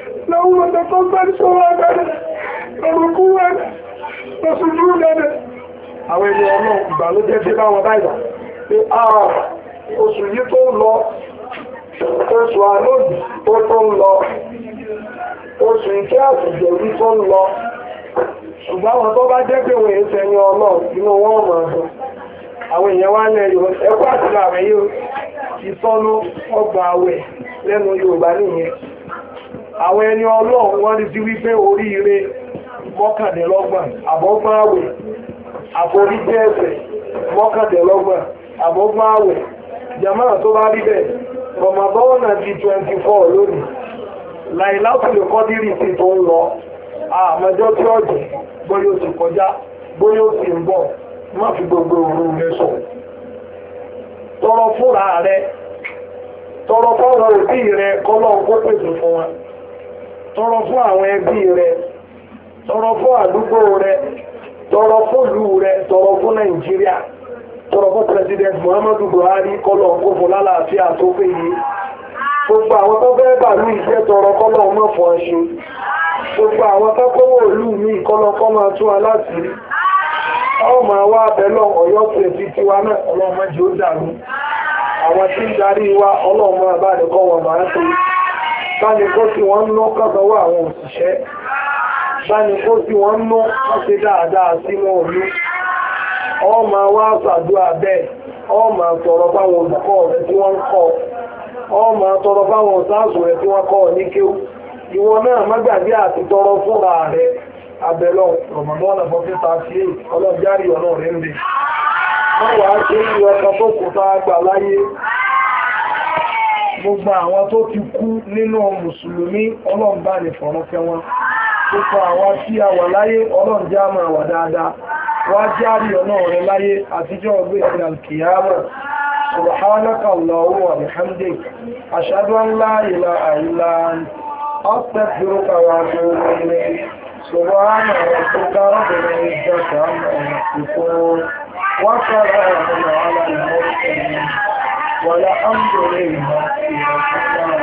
اللهم تقبل صلاتنا وركوعنا وسجودنا àwọn ẹni ọlọ́run ìbàlójẹ́ dé bá wọn báyìí pé àà ah, oṣù yìí tó ń lọ oṣù àlóòdì tó tó ń lọ oṣù ìkẹ́ àtìjẹ̀ yìí tó ń lọ ṣùgbọ́n àwọn tó bá jẹ́ pé wọ́n èsẹ̀ ní ọlọ́run inú wọn mọ̀ ọdún àwọn èèyàn wá lẹ́ ẹkọ́ àti làwẹ̀ yóò ọgbà àwẹ̀ lẹ́nu Yorùbá nìyẹn àwọn ẹni ọlọ́run wọ́n rí sí wípé oríire mọ́kàndínlọ́gbọ̀n àbọ́gbọ́n àwẹ̀ àforíjẹ́ ẹ̀ṣẹ̀ mọ́kàndínlọ́gbọ̀n àbọ́gbọ́n àwẹ̀ jàmáà tó bá rí bẹ́ẹ̀ 24 lónìí láìláṣùlẹ̀ kọ́dírì sí tó ń lọ àmọ́jọ́ tí tọrọ fúnra rẹ tọrọ fọ́nà òbí rẹ kọ́lọ́ kó pèsè fún tọrọ fún àwọn ẹbí rẹ tọrọ fún àdúgbò rẹ tọrọ fún ìlú rẹ tọrọ fún nàìjíríà tọrọ fún president muhammadu buhari kọlọ kófò lálàáfíà tó péye gbogbo àwọn tó fẹ́ bàlú iṣẹ́ tọrọ kọlọ ọmọ fọ gbogbo àwọn tó mi tún ọmọ ọyọ tiwa náà jù ó dàrú báni kó sí wọ́n ná kọ́sọ̀wọ́ àwọn òṣìṣẹ́ báni kó wọ́n ná dáadáa sí wọn òní ọmọ wa ṣàdúrà bẹ́ẹ̀ ọmọ tọrọ báwọn olùkọ́ rẹ̀ tí wọ́n kọ́ ọmọ àtọ̀rọ̀ báwọn ọ̀sáàsù rẹ̀ tí wọ́n kọ́ ní kéwú ìwọ náà má àti tọrọ fúnra rẹ̀ abẹ́lọ́ rọ̀mọ̀mọ́nà ọ̀nà gbogbo àwọn tó ti kú nínú mùsùlùmí ọlọ́run bá ní fọ̀rọ̀fẹ́ wọn gbogbo àwọn tí a wà láyé ọlọ́run jẹ́ àmà wà dáadáa wá járí ọ̀nà ọ̀rẹ́ láyé àtijọ́ ọgbẹ́ ìpínlẹ̀ alkiyama subhanaka allahumma wa bihamdik ashhadu an ولا أمر لله